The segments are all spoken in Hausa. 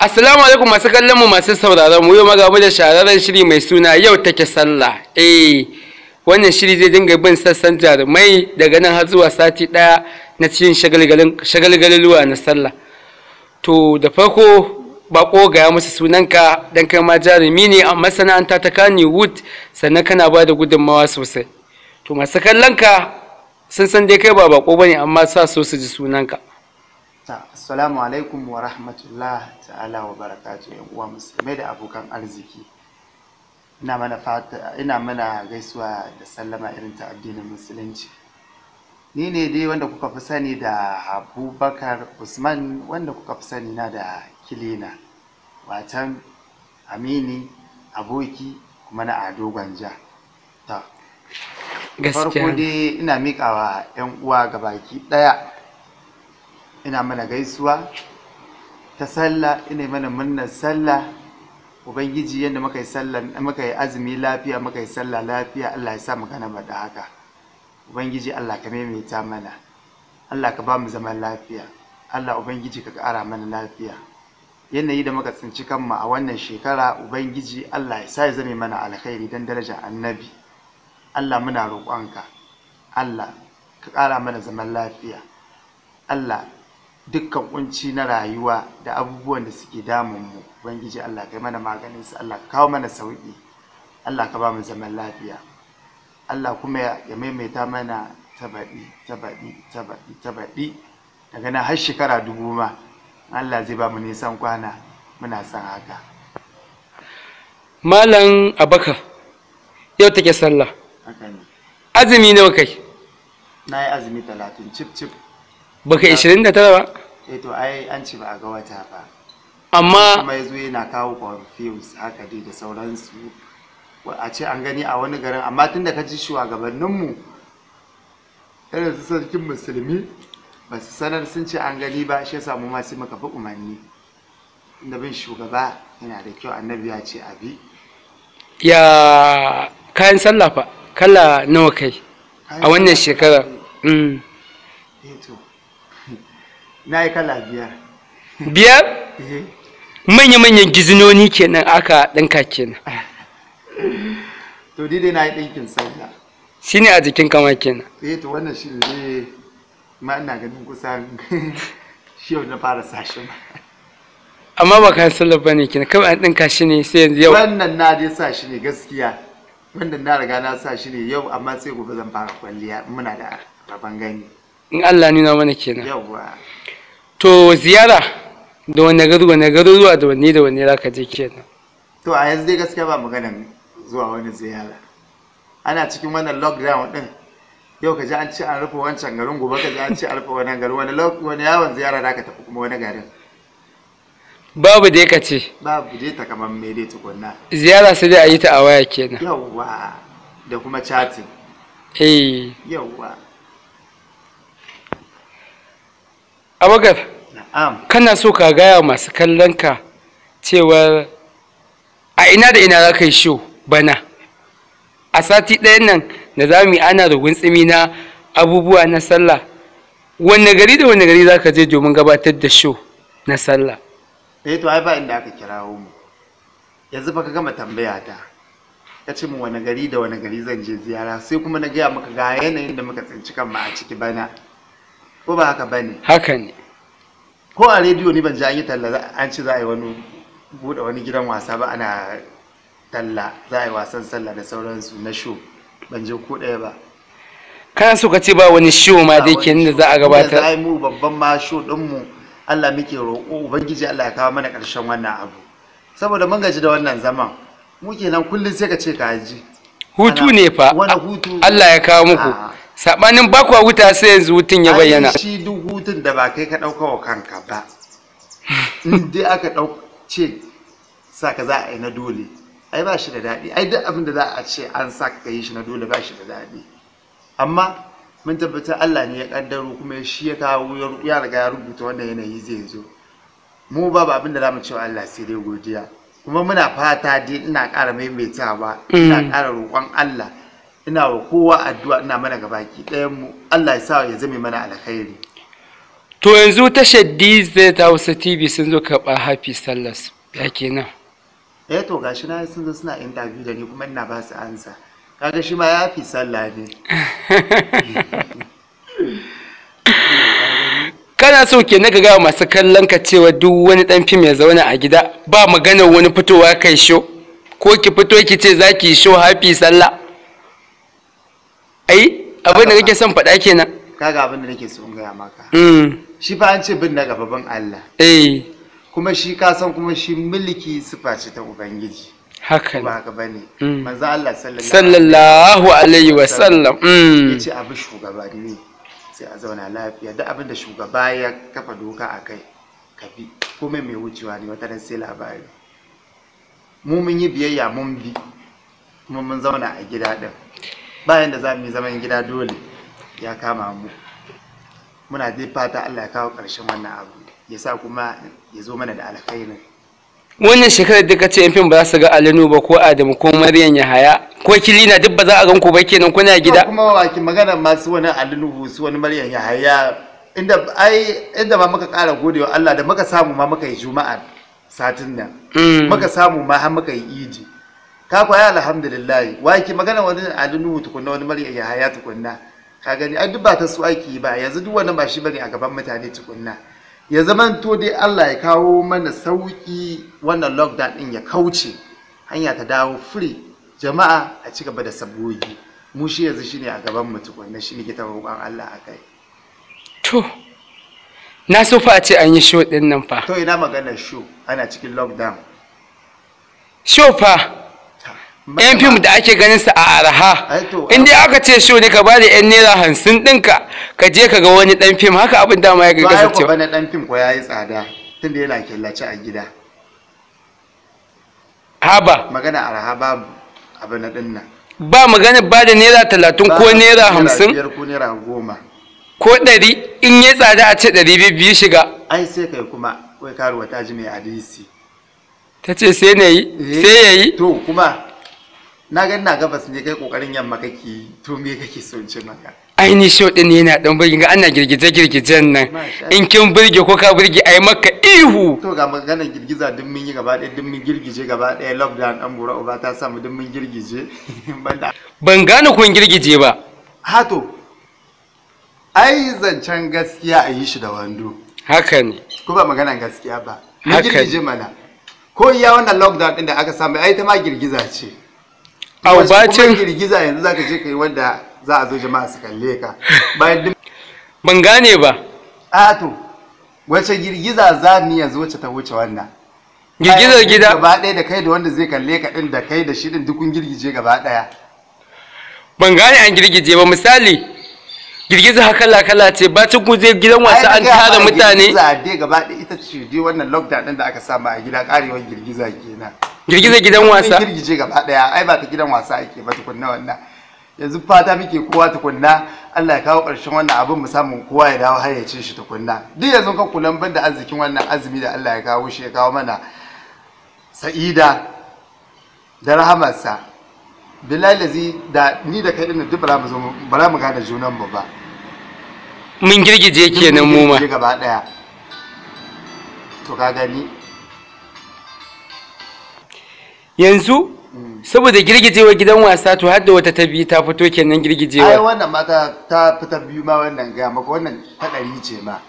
Assalamu alaikum masu kallon mu masu sauraron mu yau maga mu da shahararren shiri mai suna yau take sallah. Eh wannan shiri zai dinga bin sassan jarumai daga nan har zuwa sati ɗaya na cikin luwa na sallah. To da farko bako gaya musu sunanka dan kai ma jarumi ne a masana'anta ta Kani Wood sannan kana ba da gudunmawa sosai. To masu kallon ka sun san dai kai ba bako bane amma sa so su ji sunanka. assalamu alaikum wa rahmatullah ta'ala wa barakatu yan uwa musulmai da abokan arziki ina mana gaisuwa da sallama irin ta addinin musulunci ni ne dai wanda kuka fi sani da abubakar usman wanda kuka fi sani na da kilina watan amini aboki kuma na ado gwanja ta farko dai ina miƙawa 'yan uwa ga baki ɗaya ina mana gaisuwa ta sallah ina mana murnar sallah ubangiji yadda muka yi sallah muka yi azumi lafiya muka yi sallah lafiya Allah ya sa mu gana da haka ubangiji Allah ka maimaita mana Allah ka ba mu zaman lafiya Allah ubangiji ka ƙara mana lafiya yanayi da muka tsinci kanmu a wannan shekara ubangiji Allah ya sa ya zame mana alkhairi dan daraja annabi Allah muna roƙonka Allah ka ƙara mana zaman lafiya Allah dukkan kunci na rayuwa da abubuwan da suke damun mu ubangiji Allah kai mana maganin su Allah ka kawo mana sauki Allah ka ba mu zaman lafiya Allah kuma ya maimaita mana tabaɗi tabaɗi tabaɗi tabaɗi daga nan har shekara dubu ma Allah zai ba mu nisan kwana muna san haka Malam Abaka yau take sallah azumi nawa kai na yi azumi talatin cif cif baka 29 ba eh to ai an ci ba a ga wata ba amma kuma yazo yana kawo confuse haka dai da sauransu a ce an gani a wani garin amma tun da ka ji shugabanninmu irin su sarkin musulmi ba su sanar sun ce an gani ba shi yasa mu ma sai muka fi umarni inda bin shugaba yana da kyau annabi ya ce abi ya kayan sallah fa kala nawa kai a wannan shekarar? mm. Eh na yi kala biyar biyar eh. manya-manyan gizinoni kenan aka ɗinka kenan to dide na yi ɗinkin shi ne a jikin kama kenan eh to wannan shi ne ma ina ganin kusan shi yau na fara sashen amma ba kayan ba ne kenan kawai an ɗinka shi ne sai yanzu yau wannan na dai sa shi ne gaskiya wannan na riga na sa shi ne yau amma sai gobe zan fara kwalliya muna da rabon gani in Allah nuna mana kenan yauwa to ziyara da wani wanne wani na zuwa da wani da wani raka je kenan to a yanzu dai gaskiya ba maganan zuwa wani ziyara ana cikin wannan lockdown din yau ka ji an ce an rufe wancan garin gobe ka ji an ce an rufe wannan garin wani wani yawon ziyara da ka tafi kuma wani garin babu dai ka ce babu dai ta kamar me dai tukunna ziyara sai dai a yi ta a waya kenan yawwa da kuma chatting eh yawwa Abagar, kana so ka gaya masu kallon ka cewar a ina da ina za ka yi show bana. A sati ɗayan nan da za mu yi ana rugun tsimi na abubuwa na sallah. Wanne gari da wanne gari za ka je domin gabatar da show na sallah? Eh to ai ba inda aka kirawo mu. Yanzu fa ka gama tambaya ta. Ka ce mu wani gari da wani gari zan je ziyara sai kuma na gaya maka ga yanayin da muka tsinci kanmu a ciki bana. ko ba haka bane haka ne ko a rediyo ne ban ji an yi talla an ci za a yi wani buɗe wani gidan wasa ba ana talla za a yi wasan sallah da sauransu na show ban je ko ɗaya ba kana so ka ce ba wani show ma dai kenan da za a gabatar za a yi mu babban ma show din mu Allah muke roƙo ubangiji Allah ya kawo mana ƙarshen wannan abu saboda mun gaji da wannan zaman mu kenan kullun sai ka ce ka ji hutu ne fa Allah ya kawo muku ah. sabanin ba wuta huta sai yanzu hutun ya bayyana shi duk hutun da ba kai ka dauka wa kanka ba in dai aka dauka ce saka za a yi na dole ai ba shi da dadi ai duk abin da za a ce an saka yi shi na dole ba shi da dadi amma mun tabbatar Allah ne ya kaddaro kuma shi ya kawo ya riga ya rubuta wannan yanayi zai zo mu ba abin da zamu mu ce Allah sai dai godiya kuma muna fata dai ina ƙara maimaita ba ina mm. ƙara roƙon Allah ina wa kowa addu'a ina mana gabaki ɗayan mu Allah ya sa ya zame mana alkhairi to yanzu tashar DZ Hausa TV sun zo karɓa happy sallas ya kenan eh to gashi na sun zo suna interview da ni kuma ina ba su ansa kaga shi ma ya fi sallah ne kana so ke na gaga masu kallon ka cewa duk wani dan fim ya zauna a gida ba magana wani fitowa kai sho ko ki fito ki ce za ki sho hafi sallah ai abin da kake son faɗa kenan kaga abin da nake so in gaya maka mm. shi fa an ce bin daga baban Allah eh kuma shi ka san kuma shi mulki sifa ce ta ubangiji haka ba haka bane mm. manzo Allah sallallahu alaihi wasallam yace mm. abu shugabanni sai a zauna lafiya duk abin da shugaba ya kafa doka a kai ka bi komai mai wucewa ne wata sai labari mu mun yi biyayya mun bi kuma mun zauna a gida din bayan da za mu yi zaman gida dole ya kama mu muna dai fata Allah ya kawo ƙarshen wannan abu ya sa kuma ya zo mana da alkhairin wannan shekarar da kace yan fim ba su ga alinu ba ko adamu ko maryam yahaya ko kilina duk ba za a gan ba kenan kuna gida kuma ba ki magana masu wani alinu su wani maryam yahaya inda ai inda ba muka kara godewa Allah da muka samu ma muka yi juma'a satin nan mm. muka samu ma har muka yi idi ka kwaya alhamdulillah wa ki magana wani alinu tukunna wani maryam yahaya tukunna ka gani ai duk ba ta su aiki ba yanzu duk wannan ba shi bane a gaban mutane tukunna ya to dai Allah ya kawo mana sauƙi wannan lockdown ɗin ya kauce hanya ta dawo free jama'a a ci gaba da sabgogi mu shi yanzu shine a gaban mu tukunna shi muke ta roƙon Allah akai to na so fa a ce an yi show ɗin nan fa to ina maganar show ana cikin lockdown show fa yan fim da ake ganin su a araha in dai aka ce shi ne ka ba da yan naira hamsin ɗinka ka je ka ga wani ɗan fim haka abin dama ya gaggasa ce ba ɗan fim ko ya yi tsada tun da yana killace a gida haba magana araha ba abin na ɗin ba magana ba da naira talatin ko naira hamsin ko naira goma ko ɗari in ya tsada a ce ɗari biyu shiga ai sai kai kuma wai karuwa ta ji mai hadisi ta ce sai na yi eh, sai ya yi to kuma na ga ina gabas ne kai kokarin yamma kake to me kake so ce maka aini show din yana dan burge ga ana girgize girgizen nan in kin burge ko ka burge ai maka ihu to ga magana girgiza duk mun yi gaba ɗaya duk mun girgije gaba ɗaya lockdown an bura uba ta samu duk mun girgije ban gane kun girgije ba ha to ai zancen gaskiya a yi shi da wando haka ne ko ba magana gaskiya ba mun girgije mana ko iya wannan lockdown din da aka samu ai ta ma girgiza ce au bacin girgiza yanzu zaka je kai wanda za a zo jama'a su kalle ka bayan duk ban gane ba a to wace girgiza za ni yanzu wace ta wuce wannan girgizar gida gaba ɗaya da kai da wanda zai kalle ka din da kai da shi din dukun girgije gaba ɗaya ban gane an girgije ba misali girgiza kala kala ce bacin ku zai gidan wasa an tara mutane girgiza dai gaba ɗaya ita ce dai wannan lockdown din da aka sa ma a gida karewar girgiza kenan girgiza gidan wasa girgije gaba daya ai ba ta gidan wasa ake ba tukunna wannan yanzu fata muke kowa tukunna Allah ya kawo ƙarshen wannan abin musamman kowa ya dawo har ya ci shi tukunna duk yanzu ka kulan ban da arzikin wannan azumi da Allah ya kawo shi ya kawo mana sa'ida da rahamarsa billahi lazi da ni da kai din duk bara mu zo bara mu gane junan mu ba mun girgije kenan mu ma gaba daya to ka gani yanzu saboda girgijewa gidan wasa to har da wata ta biyu ta fito kenan girgijewa ai wannan mata ta fita biyu ma wannan ga maka wannan ta dari ce ma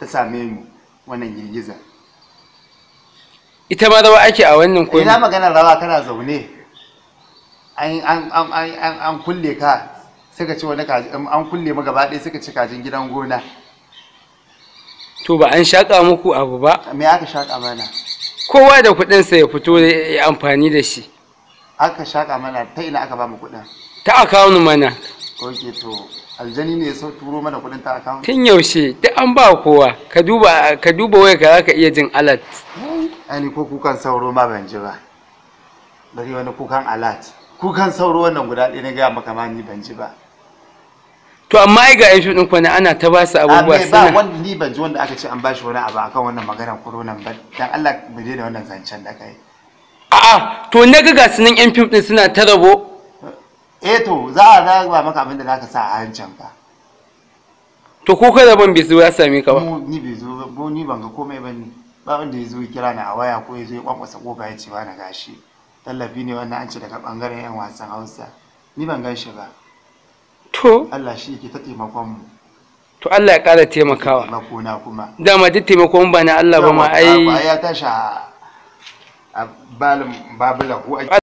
ta same mu wannan girgiza ita ma rawa ake a wannan koyi ina magana rawa kana zaune an an an an kulle ka suka ce wani um, an kulle mu gaba ɗaya suka ci kajin gidan gona to ba an shaƙa muku abu ba me aka shaƙa mana kowa da kuɗinsa ya fito ya amfani da shi aka shaƙa mana ta ina aka ba mu kuɗin ta akawun mana ok to aljani ne sau turo mana kuɗin ta akawun tun yaushe duk an ba kowa ka duba ka duba waya ka zaka iya jin alat ani ko kukan sauro ma ban ji ba bari wani kukan alat kukan sauro wannan guda ɗaya na gaya maka ma ni ban ji ba to amma ai ga yan shudin din kwana ana ta ba su abubuwa suna ba wani ni ban ji wanda aka ce an bashi wani abu akan wannan maganar corona ba dan Allah mu daina wannan zancen da kai a'a to ne ga gasu nan yan fim din suna ta rabo eh to za a ba maka abin da zaka sa a hancin ka to ko kada rabon bai zo ya same ka ba ni bi zo bo ni ban ga komai ba ni ba wanda yazo zo kira ni a waya ko yazo ya kwakwasa kofa ya ce ba na gashi tallafi ne wannan an ce daga bangaren yan wasan Hausa ni ban gan shi ba to Allah shi yake ta taimakon mu to Allah ya ƙara taimakawa makona kuma dama duk taimakon ba na Allah ba ma ai Ba ya tasha a balin babula ko